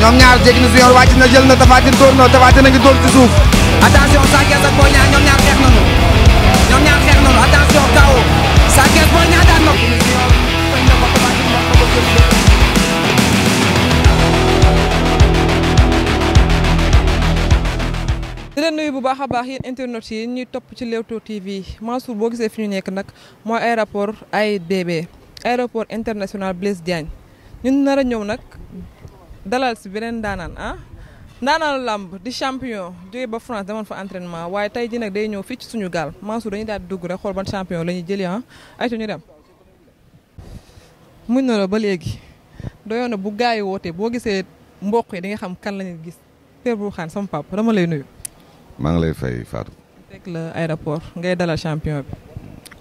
ñoom ñaar jéggi na su yor wàcc na jël na Tapha Tine dóor na a ngi dóor ci suuf attention Sa Thiès ak ñaar xeex nañu ñoom leen nuyu bu baax a baax yéen internet yi ñuy topp ci Leewtoo TV Mansour boo gisee fi ñu nekk nag mooy aéroport AIBD aéroport international Blaise Diagne ñun nar a ñëw nag dalal si beneen daanaan ah ndaanaanu làmb di champion jóge ba France demoon fa entraînement waaye tey ji nag day ñëw fii ci suñu gaal Mansour dañuy daal di dugg rek xool ban champion la ah. ñu dem muñ na la ba léegi doyoon na bu gaa yi wootee boo gisee mbokk yi di nga xam kan lañu gis Père Bour Khane sama papa dama lay nuyu maa ngi lay fay Fatou teg la aéroport ngay dalal champion bi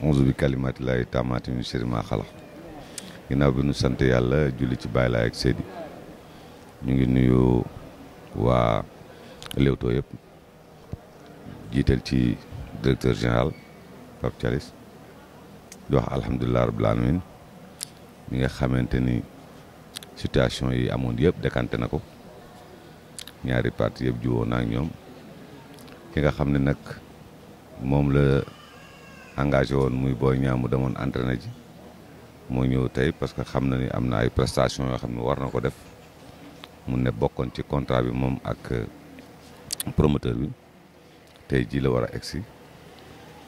onze bi kalimati lay taamaati ñu sérima xalax ginnaaw bi ñu sant yàlla julli ci bàyyi laay ak séedi ñu ngi nuyu waa Leewtoo yëpp jiital ci directeur général Pape Thialis di wax alhamdulilah rabbil alamin mi nga xamante ni situation yi amoon yëpp décanté na ko ñaari parti yëpp jiwoon naa ak ñoom ki nga xam ne nag moom la engagé woon muy booy ñaamu demoon na ji moo ñëw tey parce que xam na ni am na ay prestation yoo xam ne war na ko def mu ne bokkoon ci contrat bi moom ak euh, promoteur bi tey jii la war a egsi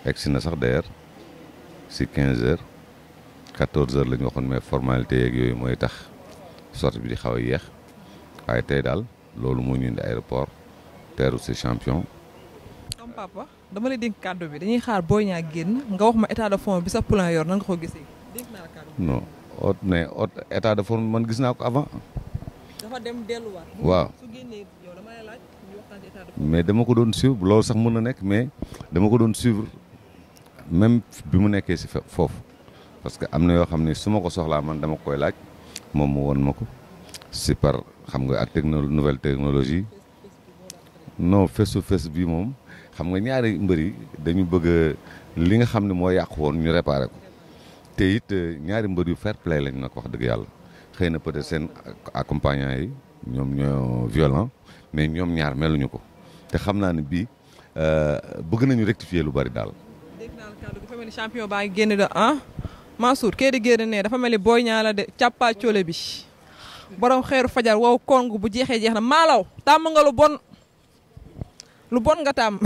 egsi na sax d'ailleurs si quinze heures quatorze heures lañu ñu waxoon mais formalité yeeg yooyu mooy tax sortie bi di xaw a yéex waaye tey daal loolu moo ñu indi aéroport teeru si champion. comme dama lay dénk kàddu bi dañuy xaar booy ñaa génn nga wax ma état de forme bi sa plan yor nan nga ko gisee. dénk naa ot kàddu non état de forme man gis naa ko avant. dafa waaw mais dama ko doon suivre loolu sax mën na nekk mais dama ko doon suivre même bi mu nekkee si foofu parce que am na yoo xam ne su ma ko soxlaa man dama koy laaj moom mu won ma ko si par xam nga ak techno nouvelle technologie non face to face bi moom xam nga ñaari mbër yi dañu bëgg li nga xam ne moo yàqu woon ñu réparé ko te it ñaari mbër yu fair play lañ nag wax dëgg yàlla. xëy na peut-être seen accompagnant yi ñoom ñoo violent mais ñoom ñaar meluñu ko te xam naa ne bii euh, bëgg nañu rectifier lu bari daal. dégg baa génn de ah Mansour kee di génn ne dafa mel ni booy ñaar la de càppaa coole bi borom xeeru fajar wow kong bu jeexee jeex na maalaw tàmm nga lu bon lu bon nga tàmm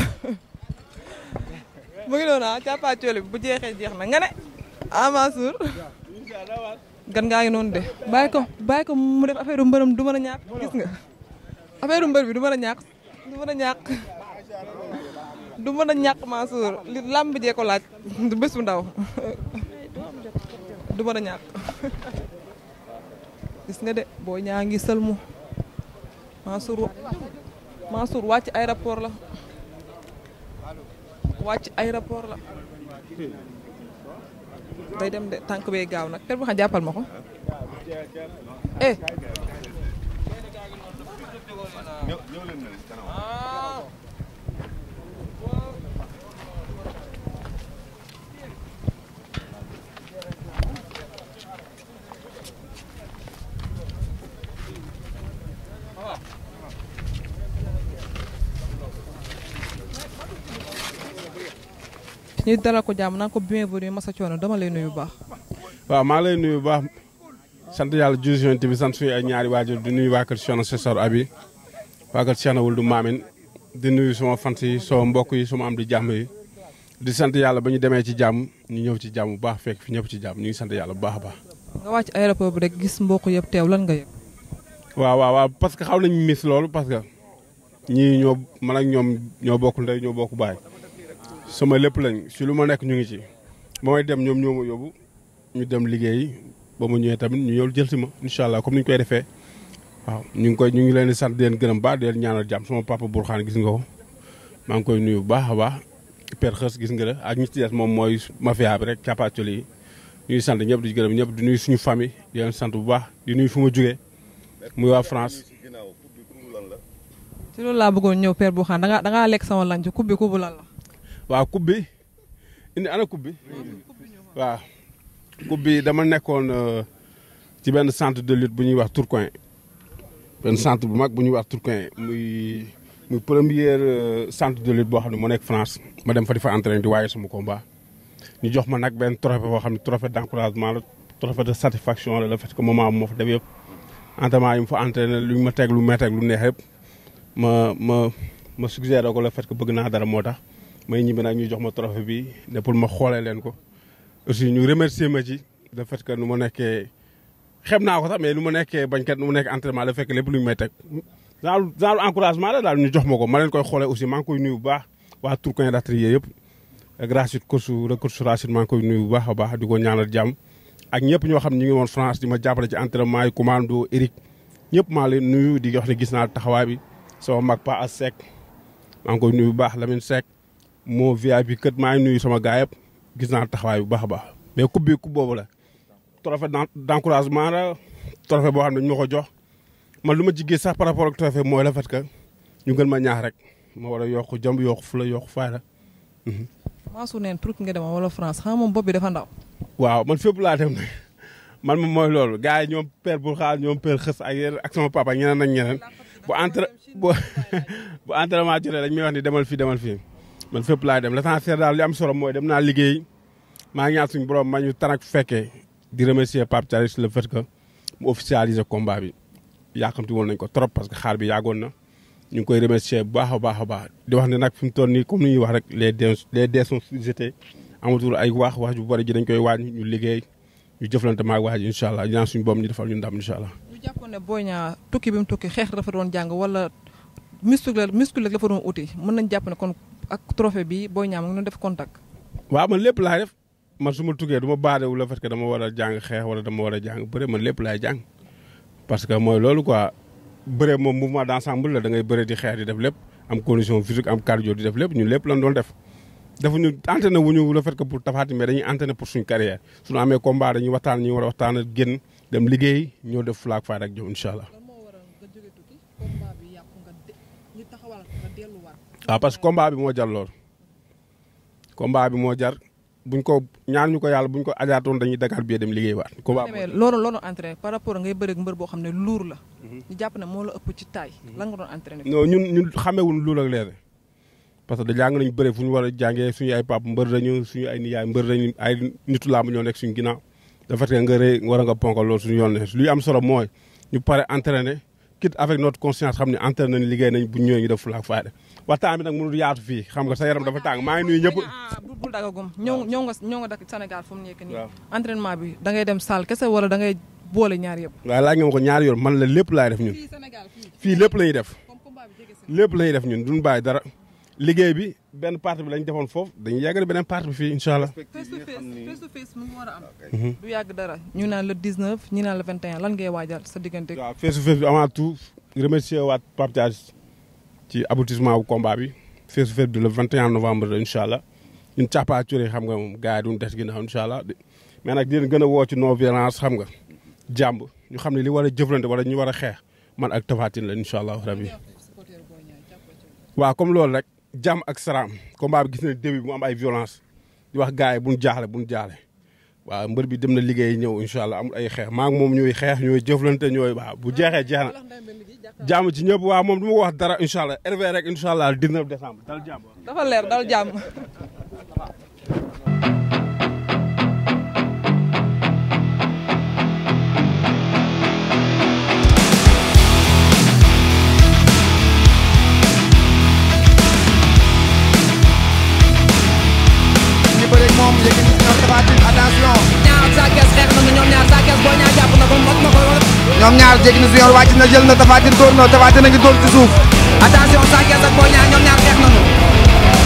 mu ngi noonu ah càppaa coole bi bu jeexee jeex na nga ne ah Mansour. gan ngaa ngi noonu de bàyyi ko bàyyi ko mu def affaire mbërëm du mën a ñàkk gis nga affaire mbër bi du mën a ñaak du mën a ñàkk du mën a ñàkk Mansour li ko laaj du bés bu ndaw du mën a gis nga de boo ñaa ngi sëlmu Mansour Mansour wàcc aéroport la wàcc aéroport la day dem de tànk bee gaaw nag per bu xam jàppal ma ko eh ñu dalal ko jàmm naan ko bienvenue Massa Thiono dama lay nuyu bu baax. waaw maa lay nuyu bu baax sant yàlla jus yonent bi sant suñu ay ñaari waajur di nuyu waa kër Cheikhna Sessor Abi waa kër Cheikhna Wuld Maamin di nuyu sama fans yi soo mbokk yi ma am di jàmm yi di sant yàlla ba ñu demee ci jàmm ñu ñëw ci jàmm bu baax fekk fi ñëpp ci jàmm ñu sant yàlla bu baax baax. nga wàcc aéroport bi rek gis mbokk yëpp teew lan nga yëg. waaw waaw waaw parce que xaw nañu mis loolu parce que ñii ñoo man ak ñoom ñoo bokk ndey ñoo bokk baay sama lépp lañ si lu ma nekk ñu ngi ci ba may dem ñoom ñoo ma yóbbu ñu dem liggéey ba ma ñëwee tamit ñu ñëw jël si ma incha allah comme ni ñu koy defee waaw ñu ngi koy ñu ngi leen di sant di leen gërëm baax di leen ñaanal jàmm sama papa Bourkhane gis nga ko maa ngi koy nuy bu baax a baax père xës gis nga ak ñi ci des moom mooy mafia bi rek capacité yi ñuy sant ñëpp di gërëm ñëpp di nuy suñu famille di leen sant bu baax di nuy fu ma jógee muy waa France. ci loolu laa la. waaw coupe bi indi ana coupe bi waaw dama nekkoon euh, ci benn centre de lutte bu ñuy wax Tourcoing benn centre bu mag bu ñuy wax Tourcoing muy muy première euh, centre de lutte boo xam ne moo nekk France ma dem fa di fa entraîné di waaye sama combat ñu jox ma nag benn trophée boo xam ne trophée d' encouragement la trophée de satisfaction la le fait que moment moo fa dem yëpp entraînement yi mu fa entraîné lu ma teg lu ma teg lu neex ma ma ma suggéré ko le fait que bëgg naa dara moo tax may ñibbi nag ñu jox ma trophée bi ne pour ma xoolee leen ko aussi ñu remercier ma ci le fait que nu ma nekkee xem naa ko sax mais nu ma nekkee bañkat nu ma nekk entraînement la fekk lépp lu ñu may teg genre genre encouragement daal ñu jox ma ko ma leen koy xoolee aussi maa ngi koy nuyu bu baax waa yëpp grâce course recourse Racine maa ngi koy nuyu baax a baax di ko ñaanal jàmm ak ñëpp ñoo xam ñu ngi woon France di ma jàppale ci entraînement yi commando Eric ñëpp maa leen nuyu di wax ne gis naa taxawaay bi sama mag Pa As Seck maa ngi koy nuyu bu baax Lamine Seck moo VIP kët maa ngi nuyu sama gaay yëpp gis naa taxawaay bu baax a baax mais coupe bi boobu la trophée d'encouragement la trophée boo xam ne ñu ma ko jox man lu ma jigee sax par rapport ak trophée mooy la fait que ñu gën ma ñaax rek ma war a yokk jom yokk fula yokk fayda mhm. maasu neen Turquie nga demoon wala France xam moom bopp bi dafa waaw man fépp laa dem man moom mooy loolu gars yi ñoom père bu xaar ñoom père xës ak yéen ak sama papa ñeneen ak ñeneen entre bu entraînement jotee dañ may wax demal fii demal fii man fépp laay dem l'essentiel daal li am solo mooy dem naa liggéey maa ngi ñaan suñu borom ma ñu tanak fekkee di remercier Pape Thialis le fait que mu officialiser combat bi yàqamti woon nañ ko trop parce que xaar bi yàggoon na ñu koy remercier bu baax baax di wax ne nag fi mu toll nii comme ni ñuy wax rek les dés les dés sont ñu liggéey ñu jëflante maag waa ji incha allah ñaan suñu borom ñu defal ñu ndam incha allah. ñu jàppoon ne Boy Niang tukki bi mu tukki xeex dafa doon jàng wala muscle ak trophée bi boo Niang mu ngi def contact. waa man lépp laay def man su ma tukkee du ma baadewu la parce que dama war a jàng xeex wala dama war a jàng bëre man lépp laay jàng parce que mooy loolu quoi bëre moom mouvement d'ensemble la da ngay bëre di xeex di def lépp am condition physique am cardio di def lépp ñu lépp lan doon def. dafa ñu entraîné wu ñu le fait pour Tapha Tine mais dañuy entraîné pour suñu carrière suñu amee combat dañuy waxtaan ñu war a waxtaan ak génn dem liggéey ñoo def flag fight ak waaw ah, parce que combat bi moo jar lool combat bi moo jar buñ ko ñaan ñu ko yàlla buñ ko ajaatoon dañuy Dakar bii dem liggéey waat combat loolu loolu entraîné par rapport ngay bëreeg mbër boo xam ne luur la mhm. ñu jàpp ne moo la ëpp ci taay mhm. lan nga doon entraîné non ñun ñun xamewuñ luur ak leer parce que da jàng ñu bëre fu ñu war a jàngee suñu ay pap mbër dañu suñu ay nijaay mbër dañu ay nitu làmb ñoo nekk suñu ginnaaw dafa fekk nga rëy war a nga ponkal loolu suñu yoon ne luy am solo mooy ñu pare entraîné quitte avec notre conscience xam ne entraîné nañ liggéey nañ bu ñëwee ñu def fulaak faayda waxtaan bi nag mënul yaatu fii xam nga sa yaram dafa tàng maa ngi ñëpp. Ah, bul dagagum ñëw ñëw nga ñëw nga Sénégal fu mu nekk nii. entraînement bi da ngay dem salle kese wala da ngay boole ñaar yëpp. waaw laaj nga ma ko ñaari yoon man la lépp laay def ñun. fii lépp la ñuy def. lépp la ñuy def ñun duñ bàyyi dara liggéey bi benn partie bi lañ defoon foofu dañuy yàggale beneen partie bi fii incha a mhm. yàgg dara ñu naan le 19 ñu naan le 21 lan ngay waajal sa diggante. waaw face to face bi avant tout remercier waat Pape Thiage ci aboutissement wu bi face to face bi le 21 novembre la incha allah ñun càppaa cure xam nga moom gars du duñ des ginnaaw incha allah mais nag di leen gën a woo ci non violence xam nga jàmb ñu xam ne li war a jëflante wala ñu war a xeex man ak Tapha la incha allah rabi. waaw comme loolu rek. jàmm ak salaam combat bi gis na début bi mu am ay violence di wax gars yi bu ñu jaaxle bu ñu jaaxle waaw mbër bi dem na liggéey ñëw incha allah amul ay xeex maa moom ñooy xeex ñooy jëflante ñooy waaw bu jeexee jeex na jàmm ci ñëpp waaw moom du ma wax dara incha allah RV rek incha allah 19 décembre dal jàmm. leer dal jàmm. ñoom ñaar jéggi na junior wàcc na jël na tafaatin dóor na tafaatin a ngi dóor ci suuf. attention Sa ñoom ñaar xeex nañu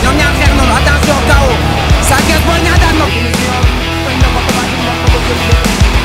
ñoom ñaar xeex nañu attention kaw Sa Thiès Boy daan na